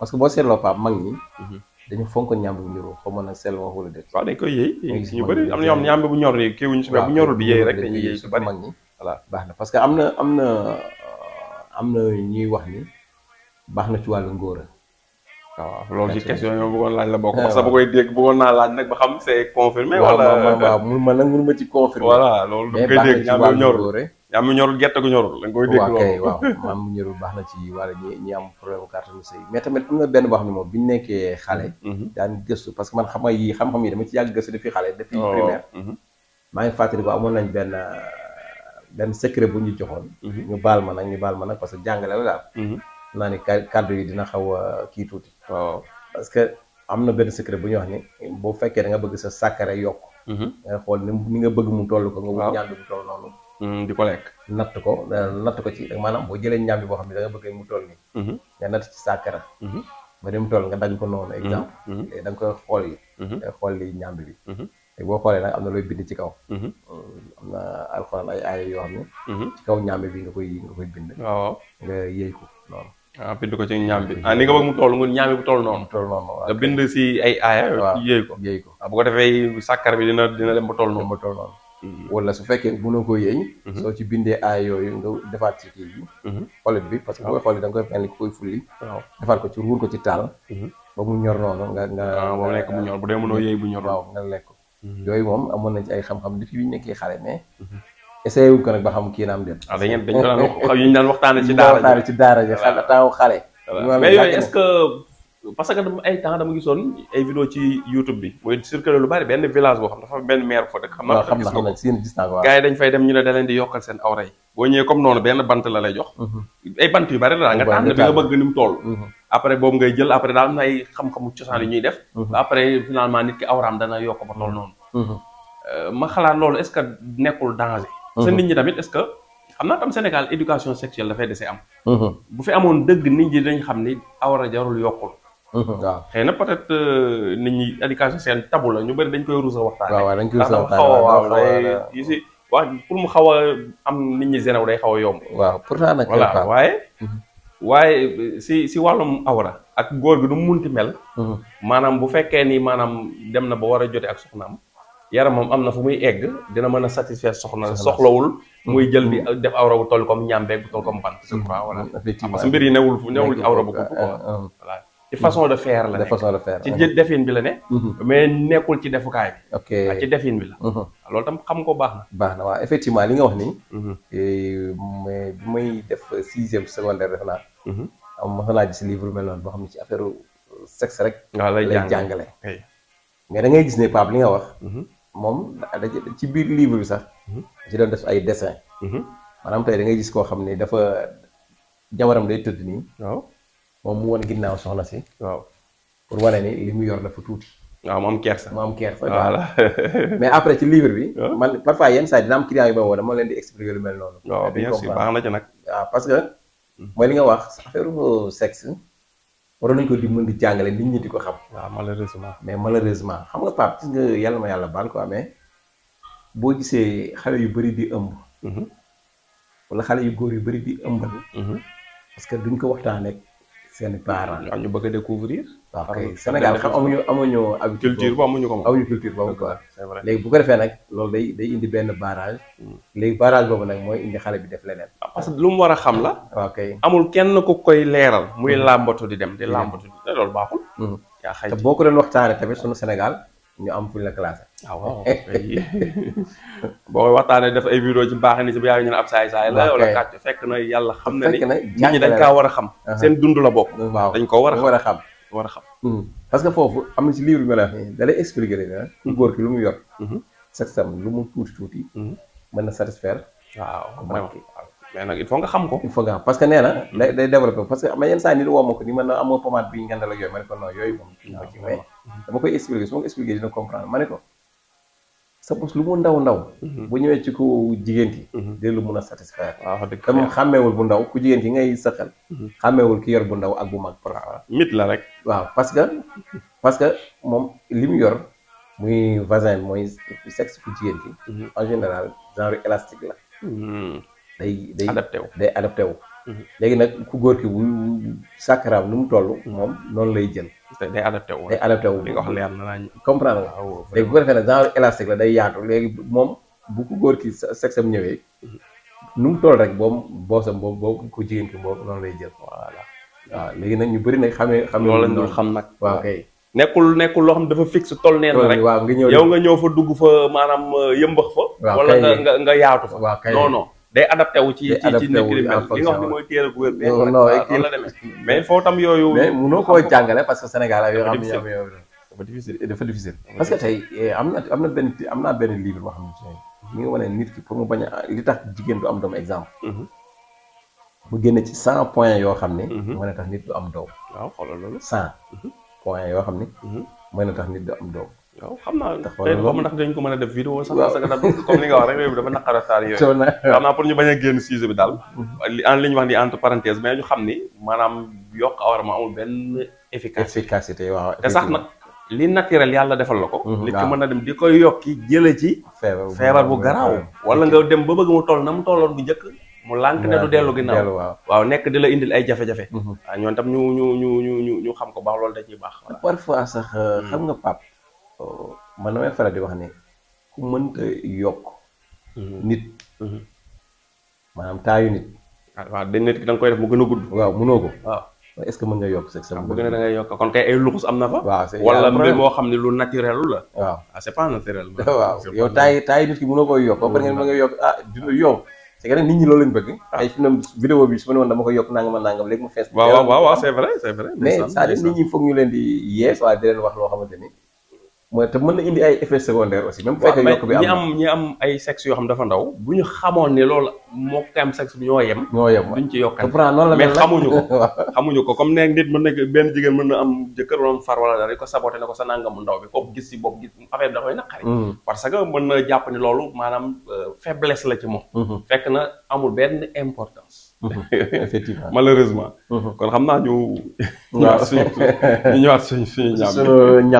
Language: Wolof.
parce que boo seetloo Pape mag ñi. Mhm. dañu fonk ñàmb bu ñorul xaw ma na sell wax wala déet. waaw dañ koy yëy ñu bëri am na ñoo xam ñàmb bu ñor rek kii wuñ bu ñorul bi yëy rek dañuy yëy su bëri baax na parce que am na am na euh, na ñuy wax ni baax na ci wàllu ngóora. waaw loolu ci question yoo bëggoon laaj la bokk. parce que bu naa laaj nag ba xam c'est confirmé. wala waaw man nag mënu ma ci confirmé. voilà loolu da koy dégg ñàmb bu ñorul am ñorul gerte gu ñorul. la ngoy dégg loolu waaw maam mu ñorul bax na ci wala ñi ñi am problème carte de sëy mais tamit am na benn wax ni mo moom bi ñu nekkee mhm. daan gëstu parce que man xam yi xam-xam yi dama ci yag gëstu depuis xalé depuis oh, primaire. Mhm. ma ngi fàttali ko amoon nañ benn benn secret bu ñu joxoon. Mhm. ñu baal ma nag ñu baal ma nag parce que jàngale la daal. naa ni kàddu yi dina xaw a kii tuuti. parce que am na benn secret bu ñu wax ni boo fekkee da nga bëgg sa sàkkare yokk. nga xool ni nga bëgg mu toll ko nga wut ñaan bu toll noonu Mm, di ko lekk. natt ko eh, natt ko ci maanaam boo jëlee ñaam boo xam ne da nga bëgg mu toll nii. Mm-hmm. nga natt ci saakara. dem mm-hmm. toll nga dagg ko noonu. exemple mm-hmm. léegi da nga koy xool yi. day eh, xool li ñaam bi. te boo xoolee nag am na looy bind ci kaw. Mm, am na alxuraan ay aaya yoo xam ne. ci kaw ñaam bi nga koy bind. waaw nga yéey ko noonu. Ah, bind ko ci ñaam bi ah ni nga bëgg mu toll nga ñaam bi bu toll si ay aaya. waaw yéey ko yéey ko. Ah, bu ko defee sàkkar bi dina dina dem ba toll noonu. ba toll noonu. Mhm. wala su fekkee mënoo ko yéeñ mhm. soo ci bindee aay yooyu nga defaat ci kii bi mhm. xolit bi parce que bu koy xolit da nga koy mel ni koy fulli defaat ko ci ruur ko ci taal ba mu ñor noonu nga nga ba mu lekk mu ñor bu dee mënoo yéey bu ñor waaw nga lekk yooyu moom amoon nañ ci ay xam-xam depuis bi ñu nekkee xale mais essayé ko nag ba xam kii na am déet waaw dañ dañ ko daan waxtaan yi ñu daan waxtaane ci daara ji ci daara ji xale mais yooyu est que parce que ay temps dama gisoon ay vidéo ci YouTube bi mooy circulé lu bari benn village boo xam dafa benn maire bu fa dëkk. boo ñëwee comme noonu benn bant la lay jox. Mhm. ay bant yu bari la nga tànn bi nga bëgg ni mhm. mhm. euh, xalaat loolu est-ce que nekkul danger. seen nit ñi tamit est-ce que. xam naa tam Sénégal éducation sexuelle dafay dese am. bu fi amoon dëgg nit ñi dañ xam ni awra jarul yokkul. waaw xëy na peut-être euh, nit ñi éducation seen tabu la ñu bari dañ koy ruus a waxtaanee. waaw waaw dañ a waxtaanee waaw day pour mu xaw a am nit ñi généw day xaw a yomb. waaw pourtant nag. voilà waaye. Mhm. waaye si si wàllum awra ak góor gi du munti mel. Mhm. maanaam bu fekkee nii maanaam dem na ba war a jote ak soxnaam. yaramam am am na fu muy egg dina mën a satisfaire soxna soxlawul. Mhm. muy jël di def awra bu toll comme ñàmbeeg bu toll comme bant. je mbir yi newul fu newul ci awra bu ko. Euh, euh, voilà. ci façon de faire la de façon de faire ci uh-huh. defin bi la ne. Uh-huh. mais nekul ci kay bi. ok ci defin bi la. Uh-huh. lolou tam xam ko baax na. baax na waaw effectivement li nga wax ni euh eh, bi may def 6e secondaire def naa. am ma naa gis livre mel non bo xam ci affaire sexe rek. waaw lay mais da ngay gis ne pap li nga wax. mom da ci biir livre bi sax. ci don def ay dessin manam tay da ngay gis ko xamni dafa jawaram day tëdd ni moom mu woon ginnaaw soxla si. waaw pour wane ni li mu yor dafa tuuti. waaw mu am kersa mu am kersa. mais après ci livre bi. Ah. man parfois yenn saa dina am client yu ma woo dama leen di expliquer lu mel noonu. waaw bien sûr baax na ci nag. waaw ah, parce que. Hmm. mooy li nga wax affaire sexe. waroon nañu ko di mën di jàngale nit ñi di ko xam. waaw malheureusement. mais malheureusement xam nga Pape gis yàlla ma yàlla baal ko amee boo gisee xale yu bëri di ëmb. Hmm. wala xale yu góor yu bëri di ëmbal. Hmm. que duñ ko waxtaan seen parents ah, ñu bëgg a découvrir waaw ah, kay Sénégal xam amuñu amuñu habitude culture boobu amuñu ko moom amuñu culture léegi bu ko defee nag loolu day day indi benn barrage hmm. léegi barrage boobu nag mooy indi xale bi def leneen ah, parce que lu mu war a xam la waaw kay amul kenn ku koy leeral muy hmm. làmbatu di dem di hmm. làmbatu di loolu baaxul yaa xëy te boo ko doon waxtaane tamit sunu Sénégal ñu am fuñ la classé. Ah, waaw boo koy waxtaanee def ay vidéo ci baax ni si bu yàgg ñu ne ab saay saay la. wala kàcc fekk na yàlla xam na ni nit ñi dañ kaa war a xam. seen dund la bokk. waaw dañ koo war a xam war a xam. Hmm. parce que foofu am na ci livre bi da lay expliqué leen ah. Hmm. góor ki lu mu yor. Hmm. sextam lu mu tuuti tuuti. mën na satisfaire. waaw vraiment mais nag il faut nga xam ko. il parce que nee na day day développé parce que am yenn saa nit woo ma ko ni man amoo pomade bi ñu ngandal ak yooyu ma ne ko non yooyu moom. dama koy expliquer su ma ko expliquer dina comprendre ma ne ko sa bos lu mu ndaw ndaw. Mhm. bu ñëwee ci ku jigéen ki. Mhm. dina lu mun a satisfaire. waaw ah, dëgg la bu ndaw ku jigéen ki ngay sëqal. Mhm. xàmmeewul ki yor bu ndaw ak bu mag. waaw mit la rek. waaw parce que parce que moom li mu yor muy vagin mooy sex ku jigéen ki. général genre élastique la. day day adapté wu wu. Mhm. léegi nag ku góor ki bu sàkkaraam nu mu toll moom noonu lay jël day adapté wu day adapté wu li nga wax leer na nañ comprendre nga léegi bu ko defee nag genre la léegi moom bu ku góor ki sexe am ñëwee mhm. nu mu toll rek boom boosam boobu boobu ku jigéen ki boobu noonu lay jël voilà waaw léegi nag ñu bëri nag xamee xam loolu lañ doon xam nag waaw kay nekkul nekkul loo xam dafa fixe toll neen rek waaw nga ñëw yow nga ñëw fa dugg fa maanaam euh, yëmbax fa wala nga nga yaatu fa non non day adapté wu ci ci ci nit li mel li nga wax ni mooy téere bu wér bi non la demee tam yooyu mais mënoo koo jàngale parce que Sénégal yoo xam ne am que tey eh, am na am na benn am naa benn livre boo xam ne mi ngi wane nit ki pour mu bañ a li tax jigéen du am doom exemple mhm. mu génne ci cent points yoo xam ne mën mhm. na tax nit du am doom loolu cent mhm. points yoo xam ne mën na tax nit du am doom waaw xam naa ndax tey xaw ma ndax dañ ko mën a def vidéo sax parce que dafa comme li nga wax rek yooyu dafa naqar a taar yooyu xam naa pour ñu bañ a génn sujet bi daal en li ñu nah. wax ni entre parenthèse mais ñu xam ni maanaam yokk awar ma amul benn efficacité efficacité waaw te sax nag li naturel yàlla defal la ko nit ki mën na dem di koy yokki jële ci feebar bu garaaw wala nga dem ba bëgg mu toll na mu tolloon bu njëkk mu lànk ne du dellu ginnaaw waaw nekk di la indil ay jafe-jafe waaw ñoon tam ñu ñu ñu ñu ñu xam ko baax loolu da ciy baax parfois sax xam nga pap man damay faral di wax ne ku mënta yokk. Mhm. nit. Mhm. maanaam taayu nit. Ah, waaw koy def mu gën a gudd. waaw mënoo ko. waaw est-ce que mën nga yokk sax. Ah, na da kon kay ay luxus am na fa. waaw c'est wala mbir moo la. waaw ah c'est pas naturel. waaw yow taay taay nit ki mm. ah, ñi loolu lañ bëgg. ay fi mu ne vidéo bi su ma ne woon dama ko yokk nangam nangam léegi mu fees. waaw waaw waaw c'est vrai c'est vrai. mais cest à nit ñi foog ñu leen di yee. waaw di wax loo xamante ni mooy te mën na indi ay effets secondaires aussi. ñi am ñi am ay sexe yoo xam dafa ndaw. bu ñu xamoon ne loolu moo ko am sexe ñoo yem. ñoo yem duñ ci yokk mais xamuñu ko. xamuñu ko comme ne nit mën na benn jigéen mën na am jëkkër wala far wala dara ko saboté ne ko sa nangamu ndaw bi kooku gis si bopp gis affaire bi dafay naqari. Mm. parce que mën na jàpp ne loolu maanaam euh, faiblesse la ci moom. Mm-hmm. fekk na amul benn importance. Mm-hmm. effectivement malheureusement. Mm-hmm. kon xam